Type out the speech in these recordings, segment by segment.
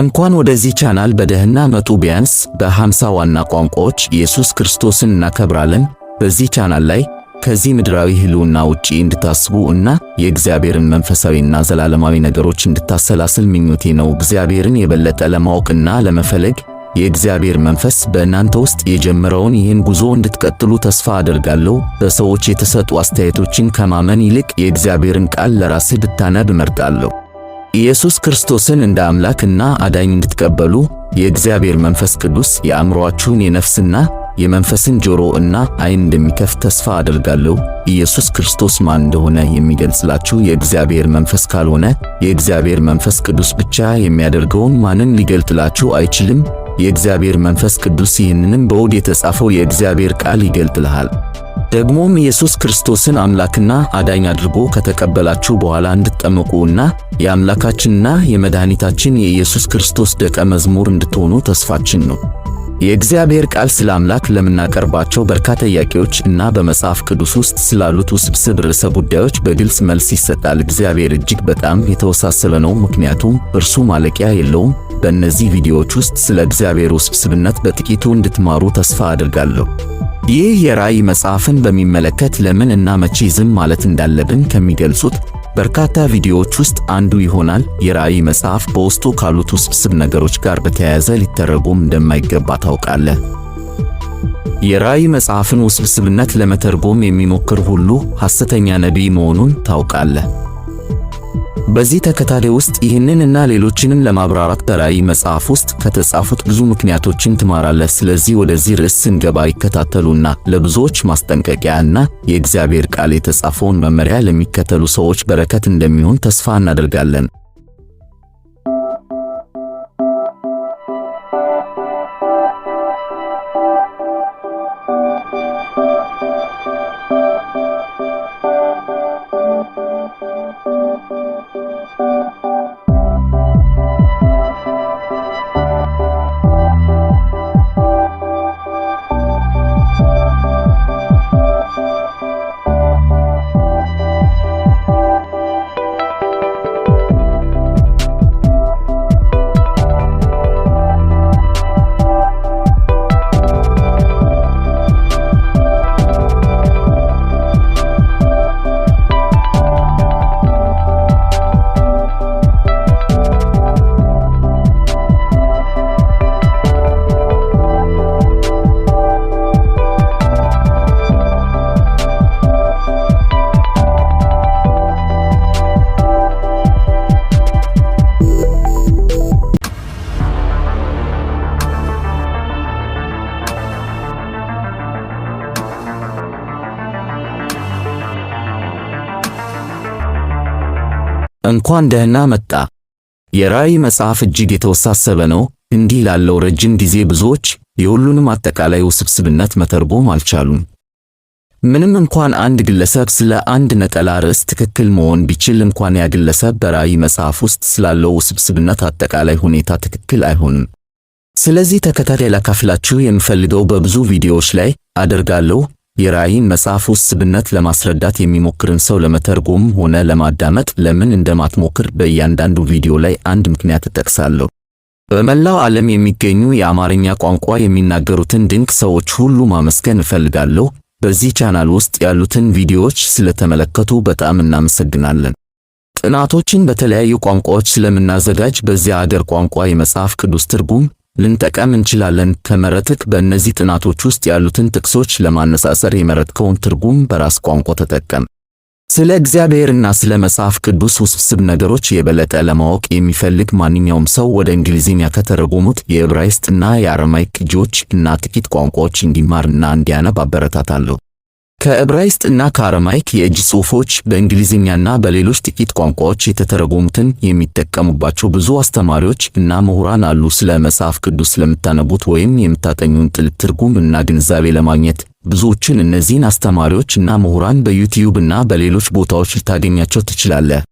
እንኳን ወደዚህ ቻናል በደህና መጡ። ቢያንስ በሃምሳ ዋና ቋንቋዎች ኢየሱስ ክርስቶስን እናከብራለን። በዚህ ቻናል ላይ ከዚህ ምድራዊ ህልውና ውጪ እንድታስቡ እና የእግዚአብሔርን መንፈሳዊና ዘላለማዊ ነገሮች እንድታሰላስል ምኞቴ ነው። እግዚአብሔርን የበለጠ ለማወቅና ለመፈለግ የእግዚአብሔር መንፈስ በእናንተ ውስጥ የጀመረውን ይህን ጉዞ እንድትቀጥሉ ተስፋ አደርጋለሁ። በሰዎች የተሰጡ አስተያየቶችን ከማመን ይልቅ የእግዚአብሔርን ቃል ለራስህ ብታነብ እመርጣለሁ። ኢየሱስ ክርስቶስን እንደ አምላክና አዳኝ እንድትቀበሉ የእግዚአብሔር መንፈስ ቅዱስ የአእምሮአችሁን የነፍስና የመንፈስን ጆሮ እና ዓይን እንደሚከፍት ተስፋ አደርጋለሁ። ኢየሱስ ክርስቶስ ማን እንደሆነ የሚገልጽላችሁ የእግዚአብሔር መንፈስ ካልሆነ የእግዚአብሔር መንፈስ ቅዱስ ብቻ የሚያደርገውን ማንም ሊገልጥላችሁ አይችልም። የእግዚአብሔር መንፈስ ቅዱስ ይህንንም በውድ የተጻፈው የእግዚአብሔር ቃል ይገልጥልሃል። ደግሞም ኢየሱስ ክርስቶስን አምላክና አዳኝ አድርጎ ከተቀበላችሁ በኋላ እንድትጠመቁና የአምላካችንና የመድኃኒታችን የኢየሱስ ክርስቶስ ደቀ መዝሙር እንድትሆኑ ተስፋችን ነው። የእግዚአብሔር ቃል ስለ አምላክ ለምናቀርባቸው በርካታ ጥያቄዎች እና በመጽሐፍ ቅዱስ ውስጥ ስላሉት ውስብስብ ርዕሰ ጉዳዮች በግልጽ መልስ ይሰጣል። እግዚአብሔር እጅግ በጣም የተወሳሰበ ነው፣ ምክንያቱም እርሱ ማለቂያ የለውም። በእነዚህ ቪዲዮዎች ውስጥ ስለ እግዚአብሔር ውስብስብነት በጥቂቱ እንድትማሩ ተስፋ አድርጋለሁ። ይህ የራእይ መጽሐፍን በሚመለከት ለምን እና መቼ ዝም ማለት እንዳለብን ከሚገልጹት በርካታ ቪዲዮዎች ውስጥ አንዱ ይሆናል። የራእይ መጽሐፍ በውስጡ ካሉት ውስብስብ ነገሮች ጋር በተያያዘ ሊተረጎም እንደማይገባ ታውቃለህ? የራእይ መጽሐፍን ውስብስብነት ለመተርጎም የሚሞክር ሁሉ ሐሰተኛ ነቢይ መሆኑን ታውቃለህ። በዚህ ተከታታይ ውስጥ ይህንን እና ሌሎችንም ለማብራራት በላይ መጽሐፍ ውስጥ ከተጻፉት ብዙ ምክንያቶችን ትማራለህ። ስለዚህ ወደዚህ ርዕስ ስንገባ ይከታተሉና ለብዙዎች ማስጠንቀቂያ እና የእግዚአብሔር ቃል የተጻፈውን መመሪያ ለሚከተሉ ሰዎች በረከት እንደሚሆን ተስፋ እናደርጋለን። እንኳን ደህና መጣ። የራእይ መጽሐፍ እጅግ የተወሳሰበ ነው። እንዲህ ላለው ረጅም ጊዜ ብዙዎች የሁሉንም አጠቃላይ ውስብስብነት መተርጎም አልቻሉም። ምንም እንኳን አንድ ግለሰብ ስለ አንድ ነጠላ ርዕስ ትክክል መሆን ቢችል እንኳን ያ ግለሰብ በራእይ መጽሐፍ ውስጥ ስላለው ውስብስብነት አጠቃላይ ሁኔታ ትክክል አይሆንም። ስለዚህ ተከታታይ ላካፍላችሁ የምፈልገው በብዙ ቪዲዮዎች ላይ አደርጋለሁ የራእይን መጽሐፍ ውስብነት ለማስረዳት የሚሞክርን ሰው ለመተርጎም ሆነ ለማዳመጥ ለምን እንደማትሞክር በእያንዳንዱ ቪዲዮ ላይ አንድ ምክንያት እጠቅሳለሁ። በመላው ዓለም የሚገኙ የአማርኛ ቋንቋ የሚናገሩትን ድንቅ ሰዎች ሁሉ ማመስገን እፈልጋለሁ። በዚህ ቻናል ውስጥ ያሉትን ቪዲዮዎች ስለተመለከቱ በጣም እናመሰግናለን። ጥናቶችን በተለያዩ ቋንቋዎች ስለምናዘጋጅ በዚያ አገር ቋንቋ የመጽሐፍ ቅዱስ ትርጉም ልንጠቀም እንችላለን። ከመረትክ በእነዚህ ጥናቶች ውስጥ ያሉትን ጥቅሶች ለማነሳሰር የመረትከውን ትርጉም በራስ ቋንቋ ተጠቀም። ስለ እግዚአብሔርና ስለ መጽሐፍ ቅዱስ ውስብስብ ነገሮች የበለጠ ለማወቅ የሚፈልግ ማንኛውም ሰው ወደ እንግሊዝኛ ከተረጎሙት የዕብራይስጥና የአረማይክ ቅጂዎች እና ጥቂት ቋንቋዎች እንዲማርና እንዲያነብ አበረታታለሁ። ከዕብራይስጥ እና ከአረማይክ የእጅ ጽሑፎች በእንግሊዝኛና በሌሎች ጥቂት ቋንቋዎች የተተረጎሙትን የሚጠቀሙባቸው ብዙ አስተማሪዎች እና ምሁራን አሉ። ስለ መጽሐፍ ቅዱስ ስለምታነቡት ወይም የምታጠኙን ጥልቅ ትርጉም እና ግንዛቤ ለማግኘት ብዙዎችን እነዚህን አስተማሪዎች እና ምሁራን በዩቲዩብ እና በሌሎች ቦታዎች ልታገኛቸው ትችላለህ።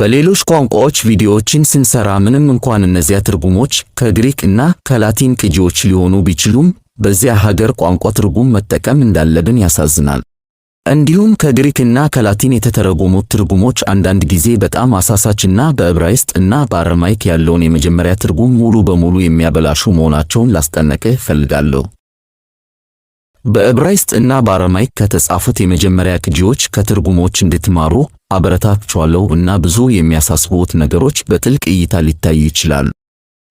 በሌሎች ቋንቋዎች ቪዲዮዎችን ስንሰራ ምንም እንኳን እነዚያ ትርጉሞች ከግሪክ እና ከላቲን ቅጂዎች ሊሆኑ ቢችሉም በዚያ ሀገር ቋንቋ ትርጉም መጠቀም እንዳለብን ያሳዝናል። እንዲሁም ከግሪክና ከላቲን የተተረጎሙት ትርጉሞች አንዳንድ ጊዜ በጣም አሳሳችና በዕብራይስጥ እና በአረማይክ ያለውን የመጀመሪያ ትርጉም ሙሉ በሙሉ የሚያበላሹ መሆናቸውን ላስጠነቅህ እፈልጋለሁ። በዕብራይስጥ እና በአረማይክ ከተጻፉት የመጀመሪያ ቅጂዎች ከትርጉሞች እንድትማሩ አበረታችኋለሁ እና ብዙ የሚያሳስቡት ነገሮች በጥልቅ እይታ ሊታዩ ይችላሉ።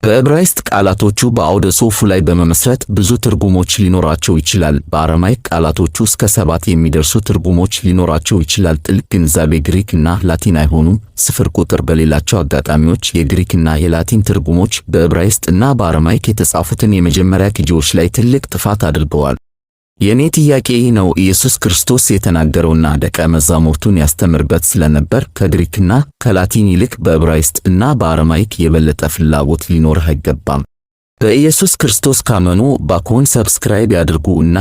በዕብራይስጥ ቃላቶቹ በአውደ ጽሑፉ ላይ በመመስረት ብዙ ትርጉሞች ሊኖራቸው ይችላል። በአረማይክ ቃላቶቹ እስከ ሰባት የሚደርሱ ትርጉሞች ሊኖራቸው ይችላል። ጥልቅ ግንዛቤ ግሪክ እና ላቲን አይሆኑም። ስፍር ቁጥር በሌላቸው አጋጣሚዎች የግሪክና የላቲን ትርጉሞች በዕብራይስጥ እና በአረማይክ የተጻፉትን የመጀመሪያ ቅጂዎች ላይ ትልቅ ጥፋት አድርገዋል። የኔ ጥያቄ ነው ኢየሱስ ክርስቶስ የተናገረውና ደቀ መዛሙርቱን ያስተምርበት ስለነበር ከግሪክና ከላቲን ይልቅ በዕብራይስጥ እና በአረማይክ የበለጠ ፍላጎት ሊኖርህ አይገባም። በኢየሱስ ክርስቶስ ካመኑ ባኮን ሰብስክራይብ ያድርጉ እና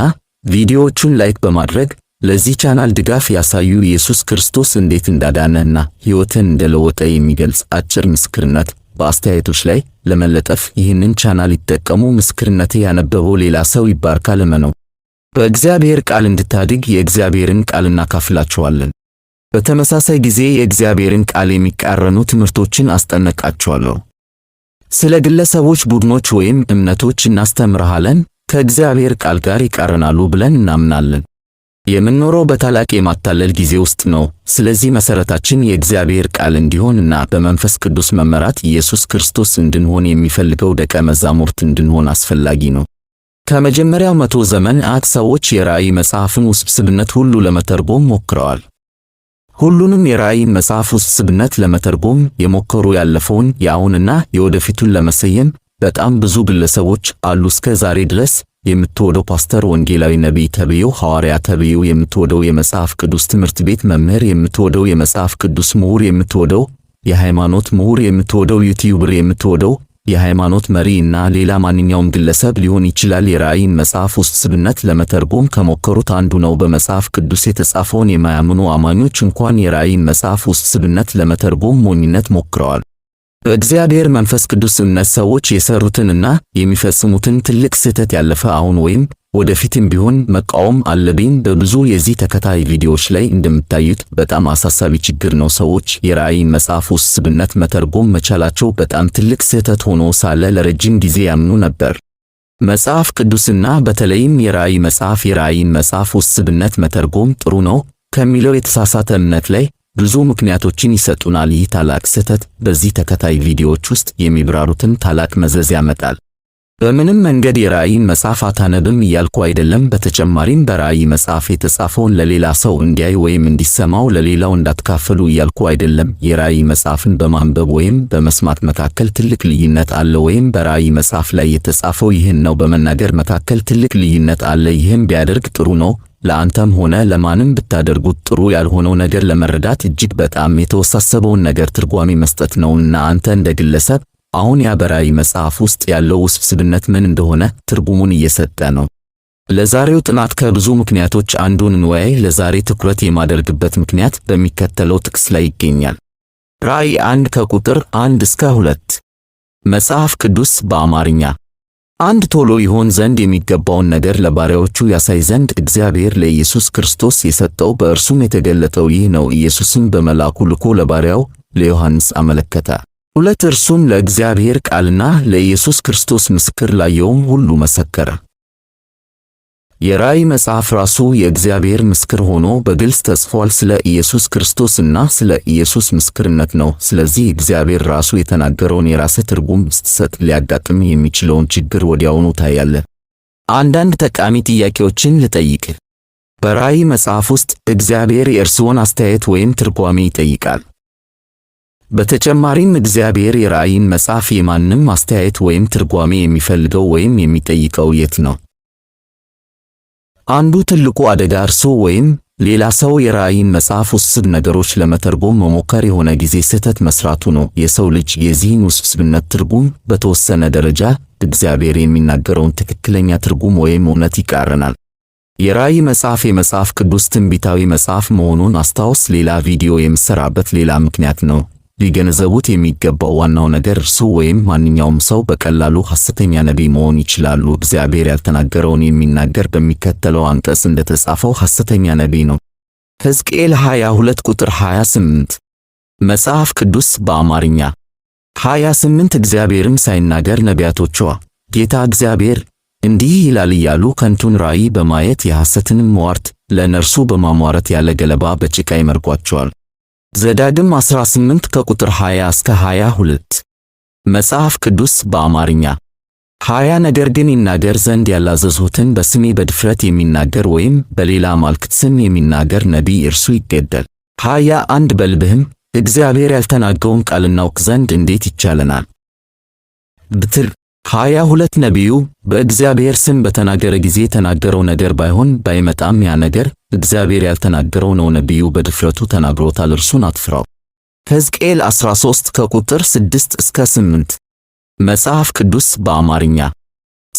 ቪዲዮዎቹን ላይክ በማድረግ ለዚህ ቻናል ድጋፍ ያሳዩ። ኢየሱስ ክርስቶስ እንዴት እንዳዳነና ሕይወትን እንደለወጠ የሚገልጽ አጭር ምስክርነት በአስተያየቶች ላይ ለመለጠፍ ይህንን ቻናል ይጠቀሙ። ምስክርነት ያነበበው ሌላ ሰው ይባርካ። ለመነው በእግዚአብሔር ቃል እንድታድግ የእግዚአብሔርን ቃል እናካፍላችኋለን። በተመሳሳይ ጊዜ የእግዚአብሔርን ቃል የሚቃረኑ ትምህርቶችን አስጠነቃችኋለሁ። ስለ ግለሰቦች፣ ቡድኖች ወይም እምነቶች እናስተምርሃለን፣ ከእግዚአብሔር ቃል ጋር ይቃረናሉ ብለን እናምናለን። የምንኖረው በታላቅ የማታለል ጊዜ ውስጥ ነው። ስለዚህ መሠረታችን የእግዚአብሔር ቃል እንዲሆን እና በመንፈስ ቅዱስ መመራት ኢየሱስ ክርስቶስ እንድንሆን የሚፈልገው ደቀ መዛሙርት እንድንሆን አስፈላጊ ነው። ከመጀመሪያው መቶ ዘመን አት ሰዎች የራእይ መጽሐፍን ውስብስብነት ሁሉ ለመተርጎም ሞክረዋል። ሁሉንም የራእይን መጽሐፍ ውስብስብነት ለመተርጎም የሞከሩ ያለፈውን፣ የአሁንና የወደፊቱን ለመሰየም በጣም ብዙ ግለሰቦች አሉ። እስከ ዛሬ ድረስ የምትወደው ፓስተር፣ ወንጌላዊ፣ ነቢይ ተብዬው፣ ሐዋርያ ተብዬው፣ የምትወደው የመጽሐፍ ቅዱስ ትምህርት ቤት መምህር፣ የምትወደው የመጽሐፍ ቅዱስ ምሁር፣ የምትወደው የሃይማኖት ምሁር፣ የምትወደው ዩቲዩበር፣ የምትወደው የሃይማኖት መሪ እና ሌላ ማንኛውም ግለሰብ ሊሆን ይችላል። የራእይን መጽሐፍ ውስብስብነት ለመተርጎም ከሞከሩት አንዱ ነው። በመጽሐፍ ቅዱስ የተጻፈውን የማያምኑ አማኞች እንኳን የራእይን መጽሐፍ ውስብስብነት ለመተርጎም ሞኝነት ሞክረዋል። በእግዚአብሔር መንፈስ ቅዱስ እምነት ሰዎች የሰሩትንና የሚፈጽሙትን ትልቅ ስህተት ያለፈ አሁን ወይም ወደፊትም ቢሆን መቃወም አለብኝ። በብዙ የዚህ ተከታይ ቪዲዮዎች ላይ እንደምታዩት በጣም አሳሳቢ ችግር ነው። ሰዎች የራእይ መጽሐፍ ውስብነት መተርጎም መቻላቸው በጣም ትልቅ ስህተት ሆኖ ሳለ ለረጅም ጊዜ ያምኑ ነበር። መጽሐፍ ቅዱስና በተለይም የራእይ መጽሐፍ የራእይን መጽሐፍ ውስብነት መተርጎም ጥሩ ነው ከሚለው የተሳሳተ እምነት ላይ ብዙ ምክንያቶችን ይሰጡናል። ይህ ታላቅ ስህተት በዚህ ተከታይ ቪዲዮዎች ውስጥ የሚብራሩትን ታላቅ መዘዝ ያመጣል። በምንም መንገድ የራእይን መጽሐፍ አታነብም እያልኩ አይደለም። በተጨማሪም በራእይ መጽሐፍ የተጻፈውን ለሌላ ሰው እንዲያይ ወይም እንዲሰማው ለሌላው እንዳትካፈሉ እያልኩ አይደለም። የራእይ መጽሐፍን በማንበብ ወይም በመስማት መካከል ትልቅ ልዩነት አለ፣ ወይም በራእይ መጽሐፍ ላይ የተጻፈው ይህን ነው በመናገር መካከል ትልቅ ልዩነት አለ። ይህም ቢያደርግ ጥሩ ነው። ለአንተም ሆነ ለማንም ብታደርጉት ጥሩ ያልሆነው ነገር ለመረዳት እጅግ በጣም የተወሳሰበውን ነገር ትርጓሜ መስጠት ነውና አንተ እንደ ግለሰብ አሁን ያበራይ መጽሐፍ ውስጥ ያለው ውስብስብነት ምን እንደሆነ ትርጉሙን እየሰጠ ነው። ለዛሬው ጥናት ከብዙ ምክንያቶች አንዱን እንወያይ። ለዛሬ ትኩረት የማደርግበት ምክንያት በሚከተለው ጥቅስ ላይ ይገኛል። ራዕይ አንድ ከቁጥር አንድ እስከ ሁለት መጽሐፍ ቅዱስ በአማርኛ አንድ ቶሎ ይሆን ዘንድ የሚገባውን ነገር ለባሪያዎቹ ያሳይ ዘንድ እግዚአብሔር ለኢየሱስ ክርስቶስ የሰጠው በእርሱም የተገለጠው ይህ ነው። ኢየሱስም በመልአኩ ልኮ ለባሪያው ለዮሐንስ አመለከተ። ሁለት እርሱም ለእግዚአብሔር ቃልና ለኢየሱስ ክርስቶስ ምስክር ላየውም ሁሉ መሰከረ። የራእይ መጽሐፍ ራሱ የእግዚአብሔር ምስክር ሆኖ በግልጽ ተጽፏል። ስለ ኢየሱስ ክርስቶስ እና ስለ ኢየሱስ ምስክርነት ነው። ስለዚህ እግዚአብሔር ራሱ የተናገረውን የራስህ ትርጉም ስትሰጥ ሊያጋጥም የሚችለውን ችግር ወዲያውኑ ታያለ። አንዳንድ ጠቃሚ ጥያቄዎችን ልጠይቅ። በራእይ መጽሐፍ ውስጥ እግዚአብሔር የእርስዎን አስተያየት ወይም ትርጓሜ ይጠይቃል። በተጨማሪም እግዚአብሔር የራእይን መጽሐፍ የማንም አስተያየት ወይም ትርጓሜ የሚፈልገው ወይም የሚጠይቀው የት ነው? አንዱ ትልቁ አደጋ እርሶ ወይም ሌላ ሰው የራእይን መጽሐፍ ውስብስብ ነገሮች ለመተርጎም መሞከር የሆነ ጊዜ ስህተት መስራቱ ነው። የሰው ልጅ የዚህን ውስብስብነት ትርጉም በተወሰነ ደረጃ እግዚአብሔር የሚናገረውን ትክክለኛ ትርጉም ወይም እውነት ይቃረናል። የራእይ መጽሐፍ የመጽሐፍ ቅዱስ ትንቢታዊ መጽሐፍ መሆኑን አስታውስ። ሌላ ቪዲዮ የምሰራበት ሌላ ምክንያት ነው። ሊገነዘቡት የሚገባው ዋናው ነገር እርሱ ወይም ማንኛውም ሰው በቀላሉ ሐሰተኛ ነቢይ መሆን ይችላሉ። እግዚአብሔር ያልተናገረውን የሚናገር በሚከተለው አንቀጽ እንደተጻፈው ሐሰተኛ ነቢይ ነው። ሕዝቅኤል 22 ቁጥር 28 መጽሐፍ ቅዱስ በአማርኛ 28 እግዚአብሔርም ሳይናገር ነቢያቶቿ ጌታ እግዚአብሔር እንዲህ ይላል እያሉ ከንቱን ራእይ በማየት የሐሰትንም ሟርት ለእነርሱ በማሟረት ያለ ገለባ በጭቃ ይመርጓቸዋል። ዘዳግም 18 ከቁጥር 20 እስከ 22 መጽሐፍ ቅዱስ በአማርኛ ሀያ ነገር ግን ይናገር ዘንድ ያላዘዝሁትን በስሜ በድፍረት የሚናገር ወይም በሌላ ማልክት ስም የሚናገር ነቢይ እርሱ ይገደል። ሀያ አንድ በልብህም እግዚአብሔር ያልተናገውን ቃል እናውቅ ዘንድ እንዴት ይቻለናል ብትል ሀያ ሁለት ነቢዩ በእግዚአብሔር ስም በተናገረ ጊዜ የተናገረው ነገር ባይሆን ባይመጣም ያ ነገር እግዚአብሔር ያልተናገረው ነው። ነቢዩ በድፍረቱ ተናግሮታል፣ እርሱን አትፍራው። ሕዝቅኤል 13 ከቁጥር 6 እስከ 8 መጽሐፍ ቅዱስ በአማርኛ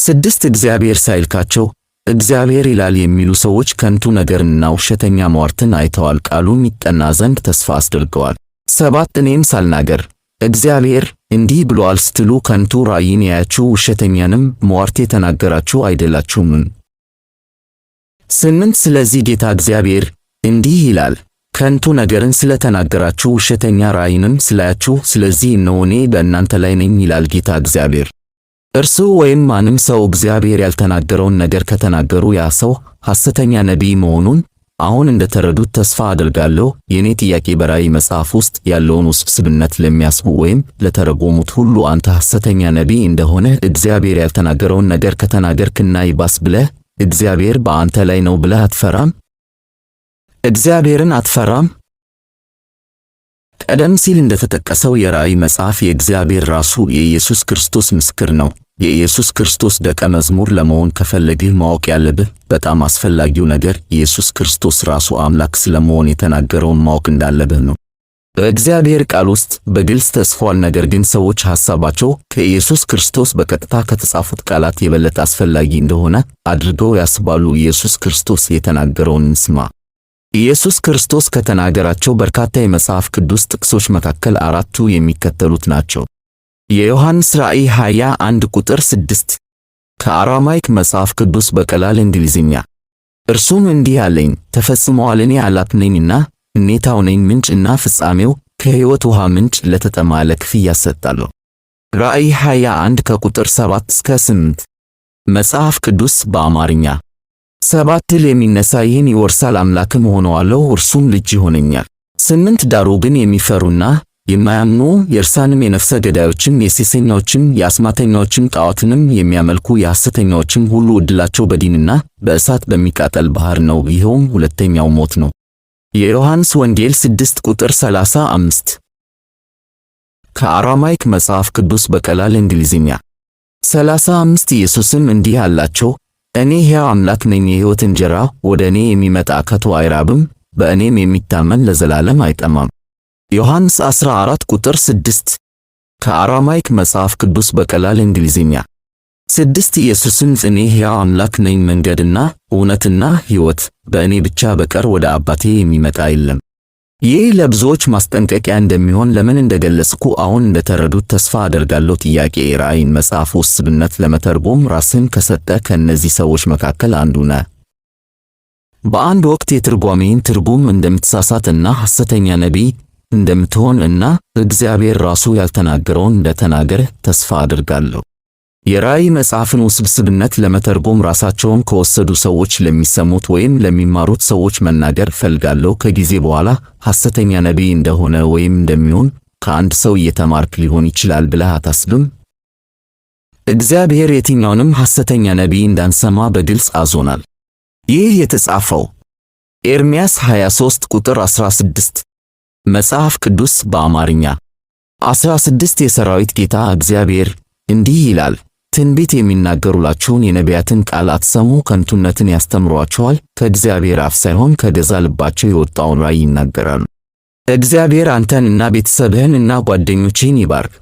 ስድስት እግዚአብሔር ሳይልካቸው እግዚአብሔር ይላል የሚሉ ሰዎች ከንቱ ነገርንና ውሸተኛ ሟርትን አይተዋል። ቃሉም ይጠና ዘንድ ተስፋ አስደርገዋል። ሰባት እኔም ሳልናገር እግዚአብሔር እንዲህ ብሏል ስትሉ ከንቱ ራእይን ያያችሁ ውሸተኛንም ሟርት የተናገራችሁ አይደላችሁም ስምንት ስለዚህ ጌታ እግዚአብሔር እንዲህ ይላል ከንቱ ነገርን ስለተናገራችሁ ውሸተኛ ራእይንም ስላያችሁ፣ ስለዚህ እነሆ እኔ በእናንተ ላይ ነኝ ይላል ጌታ እግዚአብሔር። እርሱ ወይም ማንም ሰው እግዚአብሔር ያልተናገረውን ነገር ከተናገሩ ያ ሰው ሐሰተኛ ነቢይ መሆኑን አሁን እንደተረዱት ተስፋ አደርጋለሁ። የኔ ጥያቄ በራዕይ መጽሐፍ ውስጥ ያለውን ውስብስብነት ለሚያስቡ ወይም ለተረጎሙት ሁሉ አንተ ሐሰተኛ ነቢይ እንደሆነ እግዚአብሔር ያልተናገረውን ነገር ከተናገርክና ይባስ ብለህ እግዚአብሔር በአንተ ላይ ነው ብለህ አትፈራም? እግዚአብሔርን አትፈራም? ቀደም ሲል እንደተጠቀሰው የራዕይ መጽሐፍ የእግዚአብሔር ራሱ የኢየሱስ ክርስቶስ ምስክር ነው። የኢየሱስ ክርስቶስ ደቀ መዝሙር ለመሆን ከፈለግህ ማወቅ ያለብህ በጣም አስፈላጊው ነገር ኢየሱስ ክርስቶስ ራሱ አምላክ ስለመሆን የተናገረውን ማወቅ እንዳለብህ ነው። በእግዚአብሔር ቃል ውስጥ በግልጽ ተጽፏል። ነገር ግን ሰዎች ሐሳባቸው ከኢየሱስ ክርስቶስ በቀጥታ ከተጻፉት ቃላት የበለጠ አስፈላጊ እንደሆነ አድርገው ያስባሉ። ኢየሱስ ክርስቶስ የተናገረውን እንስማ። ኢየሱስ ክርስቶስ ከተናገራቸው በርካታ የመጽሐፍ ቅዱስ ጥቅሶች መካከል አራቱ የሚከተሉት ናቸው። የዮሐንስ ራእይ 21 ቁጥር 6 ከአራማይክ መጽሐፍ ቅዱስ በቀላል እንግሊዝኛ። እርሱም እንዲህ አለኝ፣ ተፈጽመዋል። እኔ አላፍ ነኝና እኔታው ነኝ፣ ምንጭ እና ፍጻሜው፣ ከሕይወት ውሃ ምንጭ ለተጠማ ለክፍያ ሰጣለሁ። ራእይ 21 ከቁጥር 7 እስከ 8። መጽሐፍ ቅዱስ በአማርኛ ሰባት ድል የሚነሳ ይህን ይወርሳል፣ አምላክም ሆነዋለሁ፣ እርሱም ልጅ ይሆነኛል። ስምንት ዳሩ ግን የሚፈሩና የማያምኑ የእርሳንም የነፍሰ ገዳዮችን የሴሰኛዎችን የአስማተኛዎችን ጣዖትንም የሚያመልኩ የሐሰተኛዎችን ሁሉ ዕድላቸው በዲንና በእሳት በሚቃጠል ባህር ነው። ይኸውም ሁለተኛው ሞት ነው። የዮሐንስ ወንጌል 6 ቁጥር 35 ከአራማይክ መጽሐፍ ቅዱስ በቀላል እንግሊዝኛ 35 ኢየሱስም እንዲህ አላቸው፣ እኔ ሕያው አምላክ ነኝ፣ የሕይወት እንጀራ ወደ እኔ የሚመጣ ከቶ አይራብም፣ በእኔም የሚታመን ለዘላለም አይጠማም። ዮሐንስ 14 ቁጥር 6 ከአራማይክ መጽሐፍ ቅዱስ በቀላል እንግሊዝኛ ስድስት ኢየሱስን እኔ ሕያው አምላክ ነኝ መንገድና እውነትና ሕይወት በእኔ ብቻ በቀር ወደ አባቴ የሚመጣ የለም። ይህ ለብዙዎች ማስጠንቀቂያ እንደሚሆን ለምን እንደገለጽኩ አሁን እንደተረዱት ተስፋ አደርጋለሁ። ጥያቄ ራእይን መጽሐፍ ውስብነት ለመተርጎም ራስን ከሰጠ ከእነዚህ ሰዎች መካከል አንዱ ነ በአንድ ወቅት የትርጓሜን ትርጉም እንደምትሳሳት እና ሐሰተኛ ነቢይ እንደምትሆን እና እግዚአብሔር ራሱ ያልተናገረውን እንደተናገረ ተስፋ አድርጋለሁ። የራእይ መጽሐፍን ውስብስብነት ለመተርጎም ራሳቸውን ከወሰዱ ሰዎች ለሚሰሙት ወይም ለሚማሩት ሰዎች መናገር እፈልጋለሁ። ከጊዜ በኋላ ሐሰተኛ ነቢይ እንደሆነ ወይም እንደሚሆን ከአንድ ሰው እየተማርክ ሊሆን ይችላል ብለህ አታስብም? እግዚአብሔር የትኛውንም ሐሰተኛ ነቢይ እንዳንሰማ በግልጽ አዞናል። ይህ የተጻፈው ኤርምያስ 23 ቁጥር 16 መጽሐፍ ቅዱስ በአማርኛ 16 የሰራዊት ጌታ እግዚአብሔር እንዲህ ይላል፣ ትንቢት የሚናገሩላችሁን የነቢያትን ቃል አትሰሙ፣ ከንቱነትን ያስተምሯቸዋል። ከእግዚአብሔር አፍ ሳይሆን ከገዛ ልባቸው የወጣውን ራእይ ይናገራሉ። እግዚአብሔር አንተን እና ቤተሰብህን እና ጓደኞችህን ይባርክ።